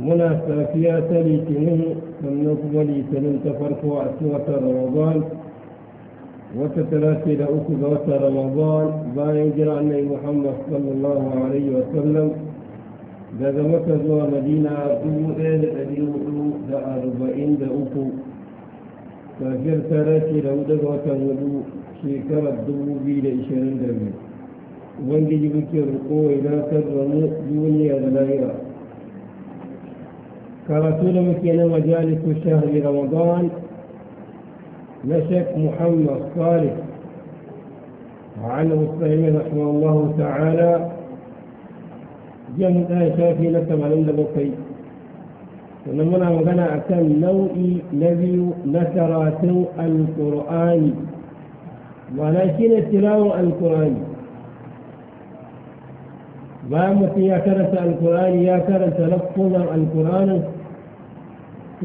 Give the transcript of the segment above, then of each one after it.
ولا فاكية لكنه لم يفضل فلن تفرق وأسوة رمضان وتتلاسل أكد وتر رمضان بان يجرى أني محمد صلى الله عليه وسلم بذا وكذا مدينة أكو إيه لأجيه أكو ذا أربعين ذا أكو فاكر ثلاثي لو دقوة ودو شكرا الدبو بي لإشان الدبي وانجي بكر قوة لا تر رمو دوني أدلائها كرسول مكينا مجالس شهر رمضان نشك محمد صالح عنه السليم رحمه الله تعالى جمع آية في نسب على النبقي ونمنا مغنى أكام نوئي نبي نسراته القرآن ولكن التلاوة القرآن bayan mutum ya karanta alkur'ani ya karanta lafuzan alkur'anin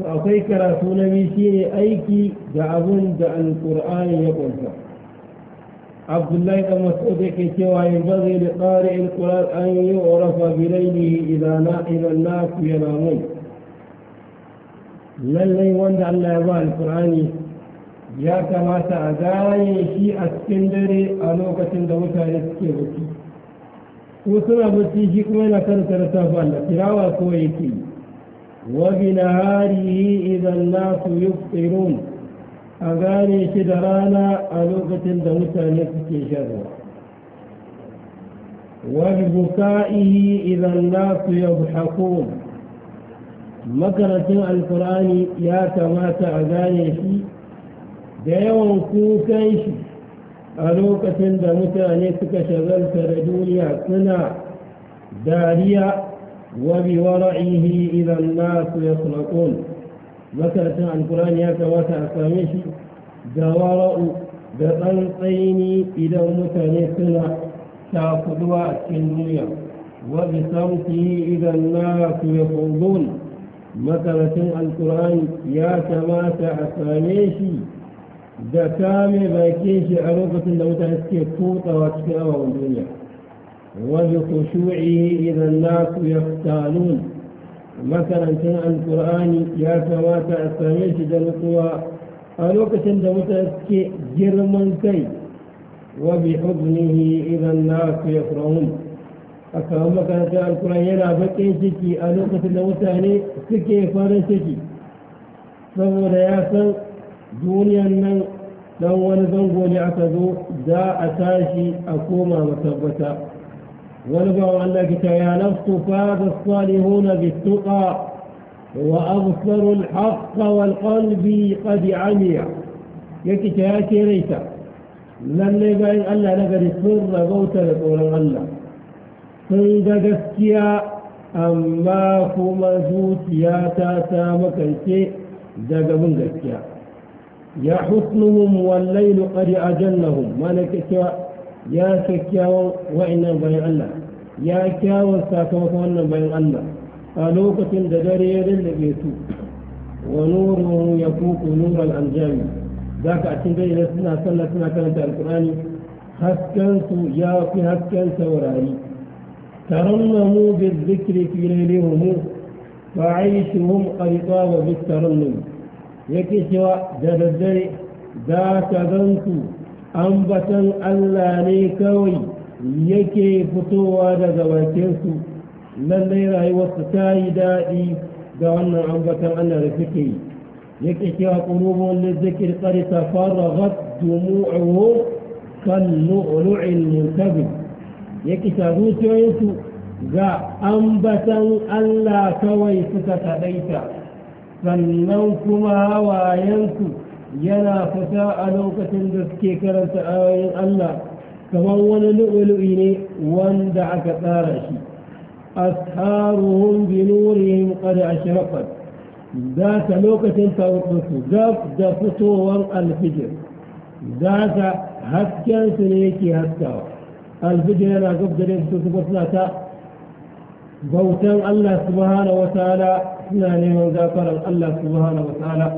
to akwai karatu na biyu shine aiki da abun da alkur'ani ya kunsa abdullahi dan mas'ud yake cewa in bazai da tsari alkur'an an yi orafa bilailihi idan na idan na ku yana lallai wanda Allah ya ba alkur'ani ya kamata a gane shi a cikin dare a lokacin da mutane suke bacci وكما بتجيك وين كان ترتاب الله تراوى كويتي وبنهاره إذا الناس يفطرون أغاني شدرانا ألوغة دوسة نفسك شدر وببكائه إذا الناس يضحكون مكرة القرآن يا تمات أغاني في ديوم كوكيشي الوكتن دمتاني تكشغل فردولي اتنا داريا وبورعيه إذا الناس يطلقون ذكرت عن قرآن ياك واسع الساميشي دوارا بطلقين إذا المتاني تنا تاخدوا اتنويا وبصوته إذا الناس يطلقون مثلا القرآن يا سماسة أسانيشي da kame bakin shi a lokacin da mutane suke kutsawa cikin ababen duniya wajen kushu'i idan nasu ya talun makarantar alkur'ani ya kamata a same shi da nutsuwa a lokacin da mutane suke girman kai wa bi hubnihi idan nasu ya furahun a kawo makarantar alkur'ani yana bakin ciki a lokacin da mutane suke farin ciki saboda ya san دوني أن لو ولدوه ولعتدو دا أتاشي أكوما وتبتا ولبعوا أن لك يا نفس فاد الصالحون بالتقى وأغفر الحق والقلب قد عمي يكي تياتي ريتا لن يبعين ألا نقر سر بوتا لطول غلا سيدا قسيا أما كما زوت يا تاتا مكنتي دا قبل قسيا يا حسنهم والليل قد أجلهم ملكك يا شكاو وإن بين الله يا كاو ساكوك وإن بين الله قالوكة دجري للبيتو ونوره يفوق نور الأنجام ذاك أتنجي إلى سنة سنة سنة كانت القرآن هسكنت يا في هسكنت ورائي ترنموا بالذكر في ليلهم فعيشهم قريطا وبالترنم yake cewa da daddare za ka gansu ambatan Allah ne kawai yake fitowa daga bakinsu lallai rayuwarsu ta yi daɗi ga wannan ambatan Allah da suke yi yake cewa ƙurubun da zikir tsari ta fara gatsu kan lu'ulu'in muntabin yake ta zuciyoyinsu ga ambatan Allah kawai suka taɗaita sannan kuma hawayensu yana fita a lokacin da suke karanta ayoyin Allah kamar wani lu'ulu'i ne wanda aka tsara shi asharuhum bi nurihim qad ashraqat za ta lokacin tawassu da da fitowar alfijir za ta hasken su ne yake haskawa alfijir yana gab da su kuma suna ta bautan Allah subhanahu wa ta'ala suna neman gafarar Allah subhanahu wa ta'ala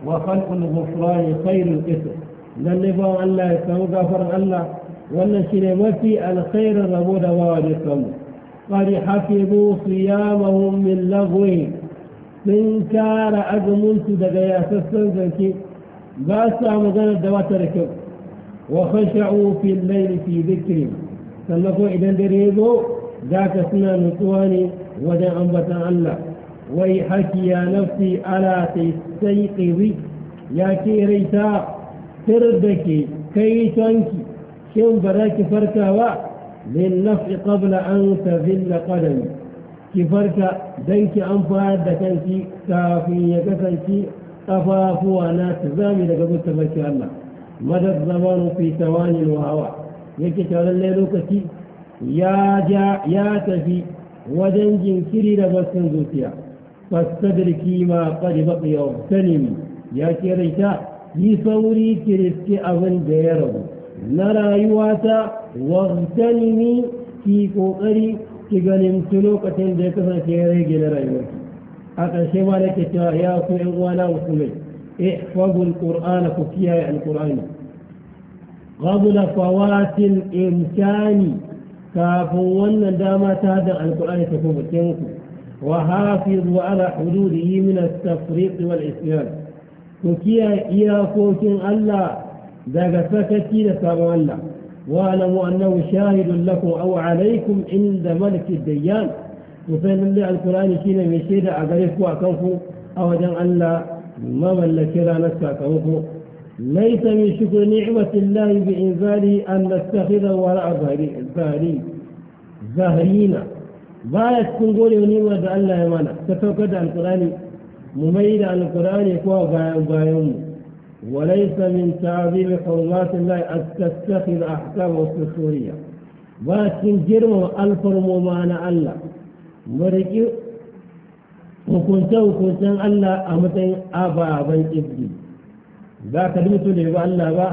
wa khalqul ghufran khairul qism lalle ba Allah ya samu gafarar Allah wannan shine mafi alkhairin rabo da bawa da samu qad hafizu siyamahum min lagwi sun kara azumin su daga yasassan zance ba su magana da wata da kyau وخشعوا في الليل في ذكري سلكوا إذا دريبوا ذاك سنا نتواني ودا بتعلى الله ويحك يا نفسي ألا تستيقظي يا كي ريتا تردك كي تنكي شن براك فركاوا للنفع قبل أن تذل قدمي كفرك دنك أنفاد دكنك كافي يكسنك أفافوا ناس زامي لقبل تفكي الله مدى الزمان في ثوان وهواء يكي تعالى الليل ya ja ya tafi wajen jinkiri da bakin zuciya fastadirki ma qad baqiya salim ya ce raita yi sauri ki riski abin da ya rabu na rayuwata wa salimi ki kokari ki ganin lokacin da ya kasance ya rage na rayuwarki a ƙarshe ma nake cewa ya ku ƴan uwana musulmai ihfazul qur'ana ku kiyaye alqur'ani qabla fawatil imkani كافوا وانا داما تابع القرآن تكون بكينك وحافظوا على حدوده من التفريق والعسيان تكيا إيا فوكين الله ذاك فكتين سابوا الله وعلموا أنه شاهد لكم أو عليكم عند ملك الديان وفين الله القرآن كينا مشيدا أغريكوا أكوفوا أو جان الله ما من نسكا أكوفوا ليس من شكر نعمة الله بإنزاله أن نتخذ وراء ظهري ظهرينا باية تنقول ونعمة الله يمانا تتوقد عن القرآن مميد عن القرآن يقوى بايم بايم وليس من تعظيم حرمات الله أن تتخذ أحكام السورية ولكن جرم الفرمو معنا الله مركي وكنت وكنت أن Allah أمتين أبا أبا ibdi za ka duk mutum da ba Allah ba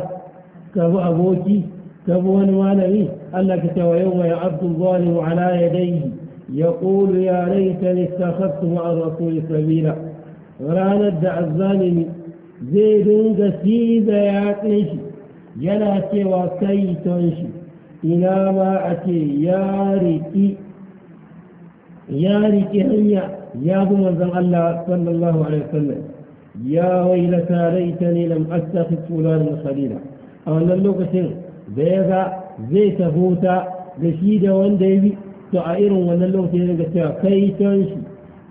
ka bi aboki ka bi wani malami Allah ka cewa yau mai abdu zalimu ala yadayhi yaqulu ya laitani ittakhadtu ma'a rasuli sabila ranar da azzalimi zai dinga siza ya shi yana cewa kai ton shi ina ma a ce ya riƙi ya riƙi hanya ya bi manzon Allah sallallahu alaihi wasallam يا ويلتا ليتني لم أتخذ فلانا خليلا أو أن اللوكسين بيغا زيت فوتا رشيدا وان ديبي تعائر وأن اللوكسين قلت كي تنشي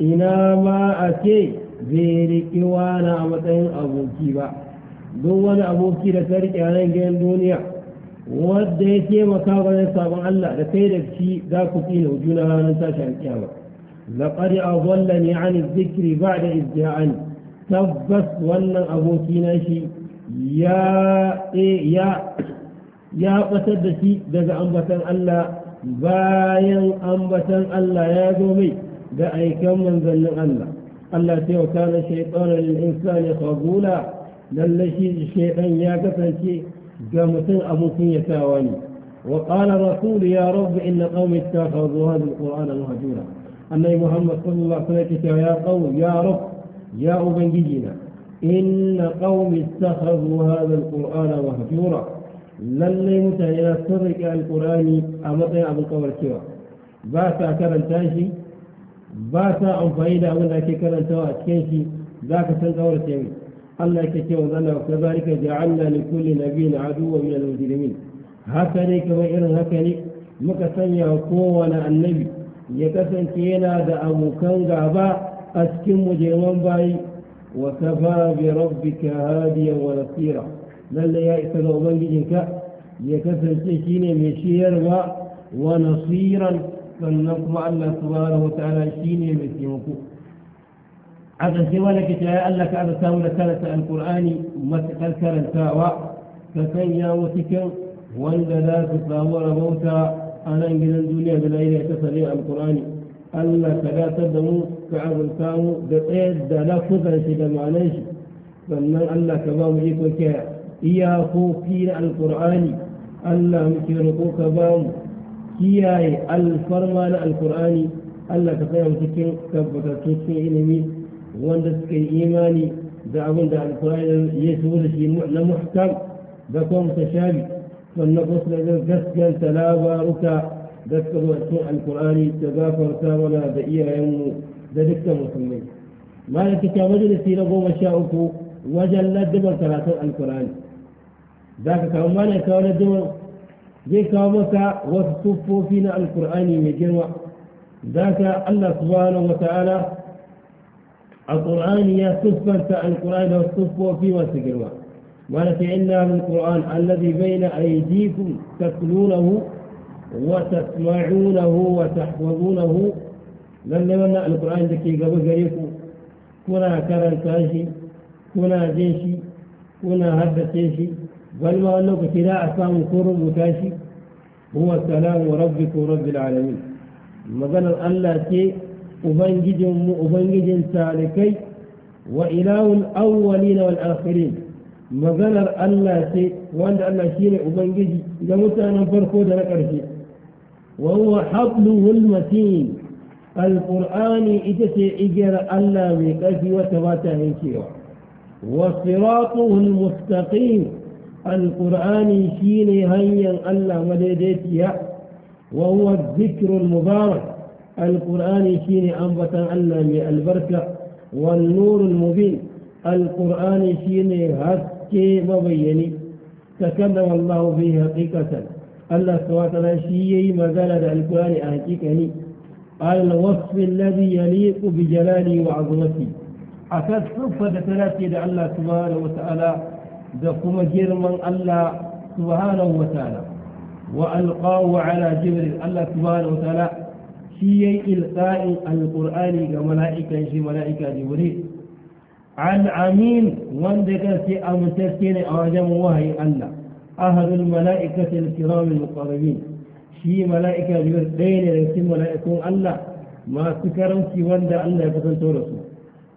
إنا ما أتي بيرك وانا أمتين أبوكي با دون وانا أبوكي لترك أنا جين دنيا وديتي مكابا يصاب wajen sabon شي ذاك kai وجونا shi za ku لقد أضلني عن الذكر بعد إذ جاءني tabbas wannan abokina shi ya ya ya batar da shi daga ambatan Allah bayan ambatan Allah ya zo mai ga aikan manzannin Allah Allah ta yau kana shaitanar insani qabula lalle shi shaitan ya kasance ga mutum abokin ya tawa ne wa qala rasul ya rabbi inna qaumi ittakhadhu hadha alqur'ana mahjura annabi muhammad sallallahu alaihi wasallam ya qawm ya rabbi يا أبنجينا إن قوم اتخذوا هذا القرآن مهجورا للي متعينا سرك القرآن أمطي أبو قبر سوى باسا كرن تاشي باسا أنفعينا أولا كي كرن توا أتكيشي ذاك سن قبر الله كتوى ذنا وكذلك جعلنا لكل نبي عدوا من المجرمين هكذا كما إرن هكذا مكسن يقوى النبي يكسن كينا ذا أبو كان غابا أتكم وجيوان باي وكفى بربك هاديا ونصيرا لن يا إسلام وبنجدك يكسر شيني مشير ونصيرا فلنقم الله سبحانه وتعالى شيني مسيمكو عدد سوالك جاء لك كأن ساولة ثلاثة القرآن مسكال كانت ساوى فكان يا وسكن وان لا تسامر موتى أنا انجل الدنيا بلا إله تسليع القرآن ألا فلا تدعو كعب الكاو بقيد دا لا فضل شيء ما نجي فمن ألا كباو إياكو في القرآن ألا مكيركو كباو كياي الفرمان القرآن ألا كفاهم تكين كبكا تكين إنمي واندسك إيماني دعون دا القرآن يسوز شيء محكم دا تشابي فمن قصر إذا قسجل تلاوى ركا دكتور القرآن القرآن تذافر ثاولا دئير يوم ذلك مسلمين ما لكتا مجلسي لغو مشاوك وجل دبر ثلاثة القرآن ذاك كاو ما لكا ولا دبر جي كاو مكا وتصفو فينا القرآن مجنوع ذاك الله سبحانه وتعالى القرآن يا سفر القرآن وتصفو في وسجنوع ما لك إلا من القرآن الذي بين أيديكم تتلونه وتسمعونه وتحفظونه لن نمنع القرآن ذكي قبل قريكو كنا كرن تاشي كنا جيشي كنا هدى تيشي بل ما أنه كتلاء أسام كرم وتاشي هو سلام ربك ورب العالمين قال الله تي أبنجدهم أبنجد سالكي وإله الأولين والآخرين ما قال الله wanda وأن الله ne أبنجد إذا متى farko da na وهو حبله المتين القرآن إجت إجر ألا ميكافي وتبات هيكيو وصراطه المستقيم القرآن شين هيا ألا مديديتيا وهو الذكر المبارك القرآن شين أنبتا ألا مي البركة والنور المبين القرآن شين هكي مبيني تكلم الله به حقيقة الله subhanahu wa shi yayi magana da قال الوصف الذي يليق بجلالي وعظمتي أكاد صفة ثلاثة دع الله سبحانه وتعالى دقم جرما الله سبحانه وتعالى وألقاه على جبر الله سبحانه وتعالى شيء إلقاء القرآن كملائكة في ملائكة جبريل عن أمين وندك سي أمتسين أعجم وهي الله أهل الملائكة الكرام المقربين شي ملائكة بير دين يرسم الله ما سكرم في وند الله يكون تورسه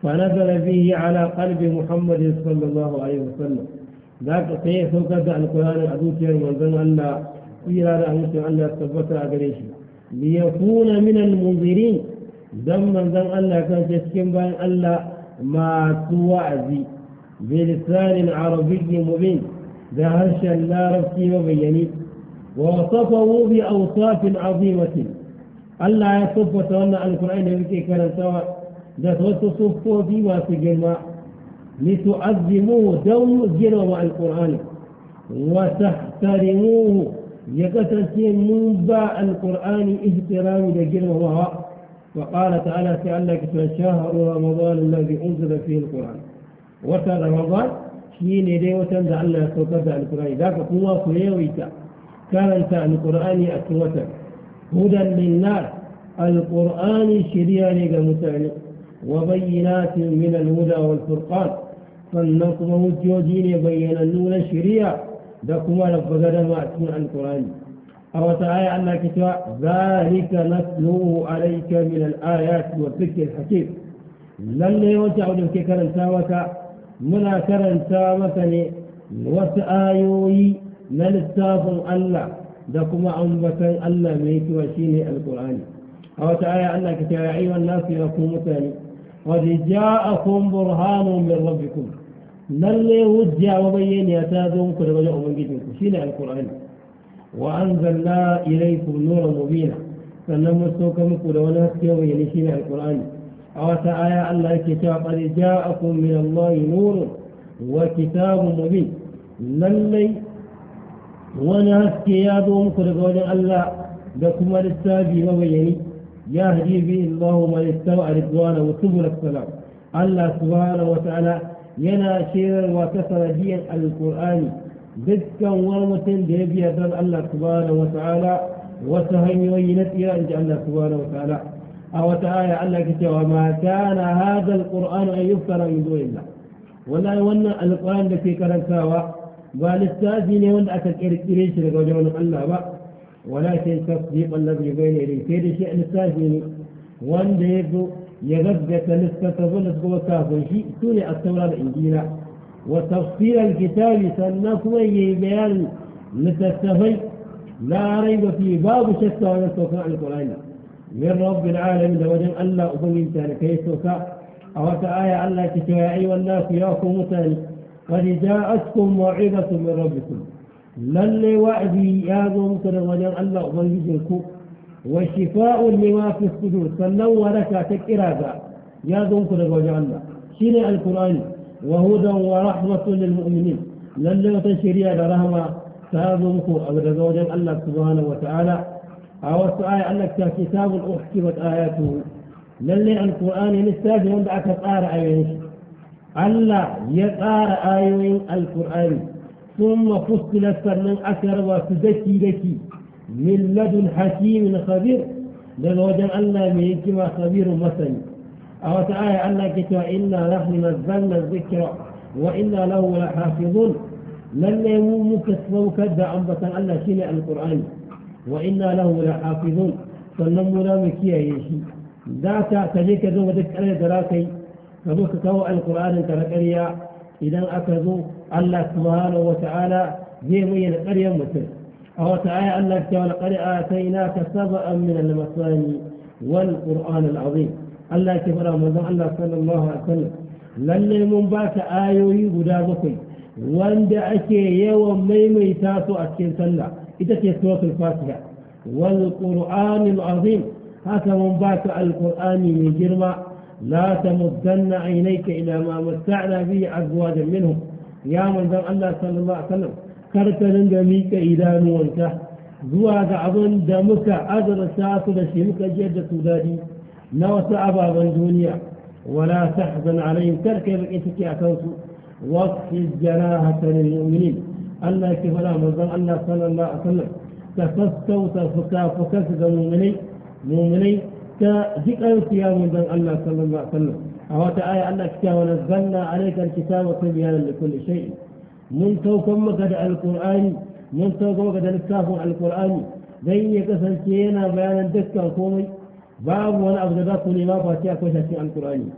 فنزل به على قلب محمد صلى الله عليه وسلم ذاك سيء سوكت القرآن أدوتي المنزل الله إلى رحمة الله سبت أدريشه ليكون من المنذرين دم منزل الله كان تسكن بان الله ما سوى بلسان عربي مبين ده هرشا لا ربكي مبيني ووصفه بأوصاف عظيمة ألا يصف وتولى القرآن يبكي كان سوا ذات وتصفه بما تجمع لتعظموه دون جنوى القرآن وتحترموه يكتسي منبع القرآن احترام لجنوى وقال تعالى سألك شهر رمضان الذي أنزل فيه القرآن وترى رمضان shi ne dai watan da Allah ya saukar da alkur'ani za ka kuma ku yawaita karanta alkur'ani a cikin watan hudan linnas alkur'ani shirya ne ga mutane wa bayyinatin min alhuda wal furqan sannan kuma hujjoji ne bayyanannu na shirya da kuma rabbagadama a cikin alkur'ani a wata aya Allah ke cewa zalika nasluhu alayka min al-ayati wa dhikr hakim lalle wata abu da ke karanta maka منا كرن سامتني وسآيوي من نلستافن الله دكما أنبتن الله ميت وشيني القرآن أو تعالى الله كتير يا أيها الناس يقومتني برهان من ربكم نلي وجع وبين يتادون كل رجع من جدك شيني القرآن وأنزلنا إليكم نورا مبينا فنمسوكم كل ونسكي يعني وينشيني القرآن أو تعالى أن آية الكتاب قد جاءكم من الله نور وكتاب مبين للي ونهت كياد ومخرج ولي ألا لكم الاستاذي وبيني يهدي به الله من استوى رضوانا وسبل السلام الله سبحانه وتعالى ينا شيرا وكسر جيا القرآن بذكا ورمتين بيبيا الله سبحانه وتعالى وسهيم وينتيا إن الله سبحانه وتعالى أو تعالى على كتير ما كان هذا القرآن أن يفتر من دون الله ولا يوانا القرآن في كلام سوا بل استاذين يوانا أتكريش لك وجوانا الله با ولكن تصديق الذي بين يدي كيف شيء استاذين وان ديبو يغزة نستطول سقوة كافر شيء توني أستولى الإنجيلة وتفصيل الكتاب سنفوى يبيان نستفي لا ريب في باب شتى ونستفع القرآن لك من رب العالمين وجم ألا أبين تلك يسوك أو تآية ألا كتائي والناس ياكم تلك قد جاءتكم موعظة من ربكم للي وعدي يا ذو وجم ألا أبين تلك وشفاء لما في الصدور سنو لك تكرادا يا ذو وجم ألا شنع القرآن وهدى ورحمة للمؤمنين للي وتشريع لرحمة ساذنكم أبدا زوجا الله سبحانه وتعالى أو سؤال أنك كتاب أحكمت آياته للي القرآن للسافي من بعد تقار أيوه ألا يقار أيوين القرآن ثم فصلت من أكر وتزكي لكي من لدن حكيم خبير أن ألا ميكما خبير مثل أو تعالى ألا كتاب إنا نحن نزلنا الذكر وإنا له لحافظون لن يمو مكسبوك دعم بطن ألا شيء القرآن وإنا له لحافظون فلنم نام كيه ذات تجيك ذو مدك علي دراكي فبك تو القرآن تركريا إذا أكذو الله سبحانه وتعالى ذي مين قريا مثل أو تعالى الله تعالى قرأ آتيناك سبعا من المصاني والقرآن العظيم الله كفر رمضان الله صلى الله عليه وسلم لن المنبات آيوي بدابكي وان دعكي يوم ميمي تاسو أكين إذا سورة الفاتحة والقرآن العظيم هذا منبات القرآن من جرمى لا تمدن عينيك إلى ما متعنا به أزواجا منهم يا من ذا الله صلى الله عليه وسلم كرتن دميك إلى نورك زواج أظن دمك أجر ساسد شمك جدة سودادي نوت أبابا الدنيا ولا تحزن عليهم تركب إتك أتوسو واصف جناحك للمؤمنين Allah yake fara manzon Allah sallallahu alaihi wasallam ka sassauta fuka fuka ga mu'minai mu'minai ka jikan ya manzon Allah sallallahu alaihi wasallam a wata aya Allah ya ce wa nazzalna alayka alkitaba tibyanan likulli shay mun saukan maka da alqur'ani mun saukan maka da littafin alqur'ani dan ya kasance yana bayanan dukkan komai babu wani abu da za ku nema ba sai akwai shi alqur'ani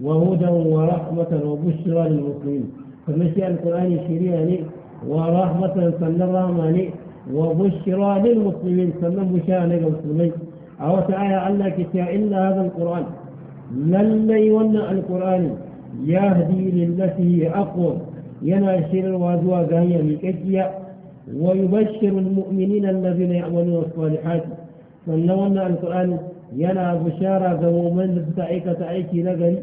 wa hudan wa rahmatan wa bushra lil muslimin kamar shi alqur'ani shiriya ne ورحمة سنة الرحمن وبشرى للمسلمين سنة بشرى للمسلمين أو تعالى على كتاب إلا هذا القرآن لن يولى القرآن يهدي للتي هي أقوى يناشر الوازوى من مكجية ويبشر المؤمنين الذين يعملون الصالحات سنة القرآن ينا بشارة ومن تعيك تعيك لغن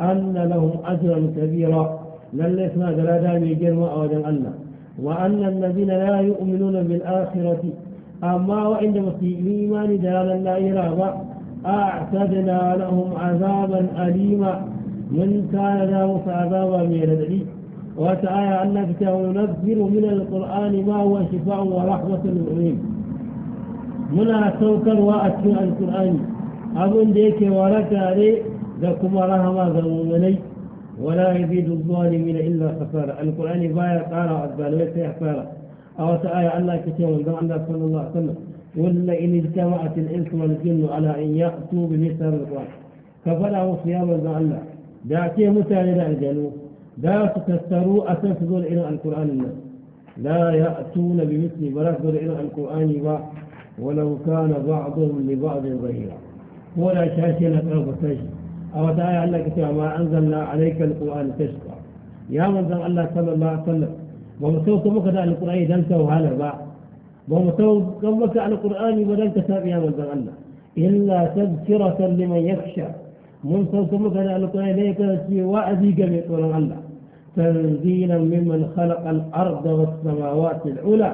أن لهم أجرا كبيرا لن يسمى جلادا من جنوة أو الله وأن الذين لا يؤمنون بالآخرة أما وإن في إيمان دالا لا إرابة أعتدنا لهم عذابا أليما من كان له فعذابا من الذي وتعالى أنك ننزل من القرآن ما هو شفاء ورحمة للمؤمنين من أتوكل a القرآن أظن ديك da علي لكم رحمة المؤمنين ولا يزيد الظالمين إلا خسارة القرآن باية قارة الظالمين سيحسارة أو تآية الله كتير من الله صلى الله عليه وسلم ولا إن اجتمعت الإنس والجن على أن يأتوا بمثل القرآن فبلغوا صيام الله دعتي متى الجنوب لا أساس أتفضل إلى القرآن الناس لا يأتون بمثل ولا تفضل إلى القرآن ولو كان بعضهم لبعض ظهيرا ولا شاشنة أو بسجد أو على كتاب ما أنزلنا عليك القرآن تشقى يا من ذن الله صلى الله عليه وسلم ومسوك مكدا القرآن دلت وهلا با ومسوك مكدا القرآن ودلت ساب يا من ذن الله إلا تذكرة لمن يخشى من سوك مكدا القرآن ليك وأذي جميع الله تنزيلا ممن خلق الأرض والسماوات العلى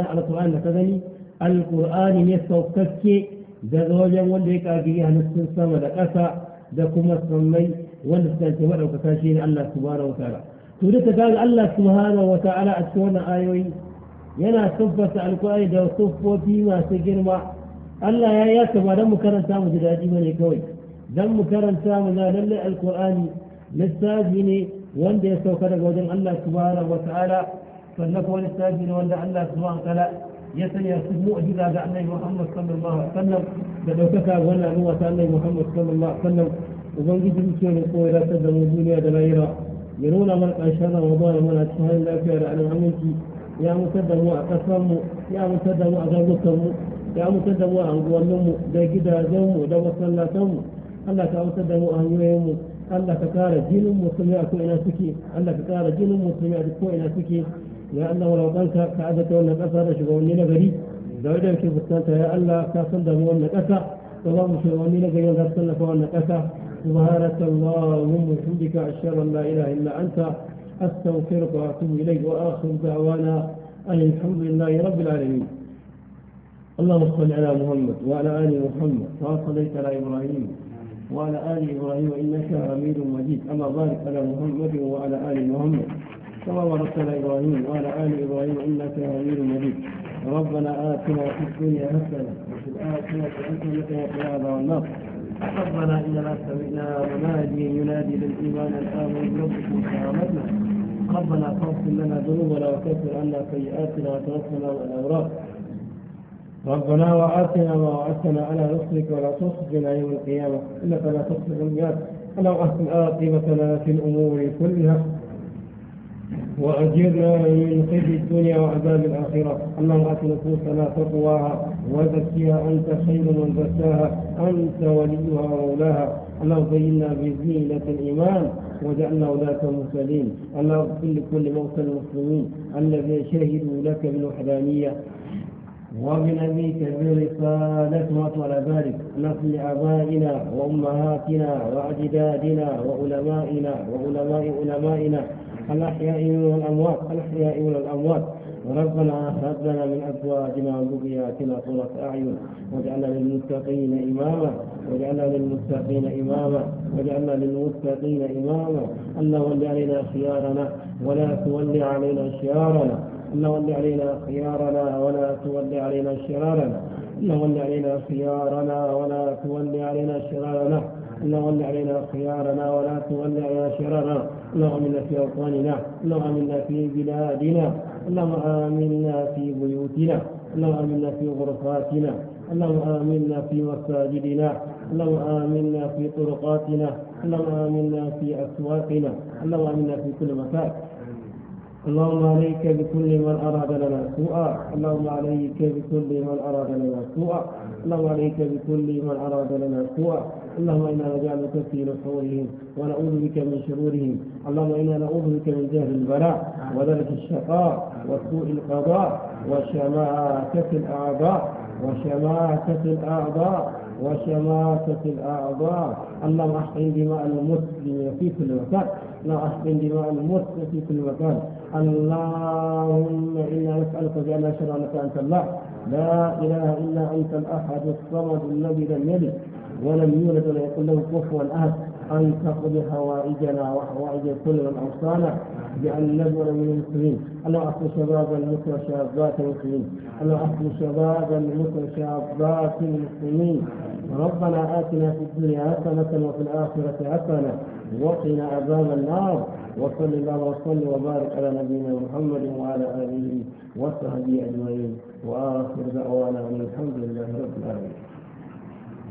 على القرآن كذلك القرآن يسوكك ذا زوجا وليك أبي أهل السلسة ولكسا da kuma sammai wanda suka ce maɗaukaka shi ne Allah subhanahu wa ta'ala to duka kaga Allah subhanahu wa ta'ala a cikin wannan ayoyi yana tabbata alƙur'ani da sufofi masu girma Allah ya yi haka ba don mu karanta mu ji daɗi ba ne kawai don mu karanta mu na lallai alƙur'ani lissafi ne wanda ya sauka daga wajen Allah subhanahu wa ta'ala sannan kuma lissafi ne wanda Allah subhanahu wa ta'ala يتني يصب مؤجزة لأني محمد صلى الله عليه وسلم لأنه كفى ولا هو محمد صلى الله عليه وسلم وظن جد مسير القوة لا تدى مدينة دلائرة ينون مرق أشهر وضال من أشهر لا كير على عملك يا مسدى هو أتصم يا مسدى هو أغلطم يا مسدى هو أغلطم دا جدا زوم دا وصل لا تم الله تأوسدى هو أهويم الله تكار جن مسلمات وإنا سكي الله تكار جن مسلمات وإنا سكي لأنه لو قال كعادة azata wannan ƙasa da shugabanni na gari da wadda yake fuskanta ya Allah ka san damu wannan ƙasa da ba mu سبحانك اللهم وحمدك أشهد أن لا إله إلا أنت أستغفرك وأتوب إليك وآخر دعوانا أن الحمد لله رب العالمين اللهم صل على محمد وعلى آل محمد كما صليت على إبراهيم وعلى آل إبراهيم إنك حميد مجيد أما بارك على محمد وعلى آل محمد كما باركت على إبراهيم وعلى آل إبراهيم إنك حميد مجيد ربنا آتنا في الدنيا حسنة وفي الآخرة حسنة وفي هذا والنصر ربنا إننا سمعنا مناديا ينادي بالايمان الآمن بربكم فآمنا ربنا فاغفر لنا ذنوبنا وكفر عنا سيئاتنا وتوفنا والاوراق ربنا وآتنا ما وعدتنا على رسلك ولا تخزنا يوم القيامة إنك لا تخزي الميعاد اللهم أحسن مثلا في الأمور كلها وأجرنا من خير الدنيا وعذاب الآخرة اللهم آت نفوسنا تقواها وزكيها أنت خير من زكاها أنت وليها ومولاها اللهم زينا بزينة الإيمان وجعلنا ولاة المرسلين اللهم اغفر لكل موتى المسلمين الذين شهدوا لك بالوحدانية وبنبيك برسالة وطول ذلك نصل آبائنا وأمهاتنا وأجدادنا وعلمائنا وعلماء علمائنا الأحياء الاموات الأحياء الاموات ربنا هب لنا من ازواجنا وذرياتنا قرة اعين واجعلنا للمتقين اماما واجعلنا للمتقين اماما واجعلنا للمتقين اماما ان ول علينا خيارنا ولا تول علينا شرارنا ان ول علينا خيارنا ولا تول علينا شرارنا اللهم ول علينا خيارنا ولا تول علينا شرارنا اللهم ول علينا خيارنا ولا تول علينا شرارنا اللهم امنا في اوطاننا اللهم امنا في بلادنا اللهم امنا في بيوتنا اللهم امنا في غرفاتنا اللهم امنا في مساجدنا اللهم امنا في طرقاتنا اللهم امنا في اسواقنا اللهم امنا في كل مكان اللهم عليك بكل من أراد لنا سوءا اللهم عليك بكل من أراد لنا سوءا اللهم عليك بكل من أراد لنا سوءا اللهم إنا نجعلك في نحورهم ونعوذ بك من شرورهم اللهم إنا نعوذ بك من جهل البلاء ودرك الشقاء وسوء القضاء وشماتة الأعداء وشماتة الأعضاء وشماتة الأعضاء اللهم أحقن دماء المسلم في كل مكان اللهم أحقن دماء المسلم في كل مكان اللهم إنا نسألك بأن أشهد أنك أنت الله لا إله إلا أنت الأحد الصمد الذي لم يلد ولم يولد ولم يكن له كفوا أحد أن تقضي حوائجنا وحوائج كل من أوصانا بأن نبر من المسلمين أنا أصل مثل شابات المسلمين أنا أصل مثل شابات المسلمين ربنا آتنا في الدنيا حسنة وفي الآخرة حسنة وقنا عذاب النار وصل الله وسلم وبارك على نبينا محمد وعلى آله وصحبه أجمعين وآخر دعوانا أن الحمد لله رب العالمين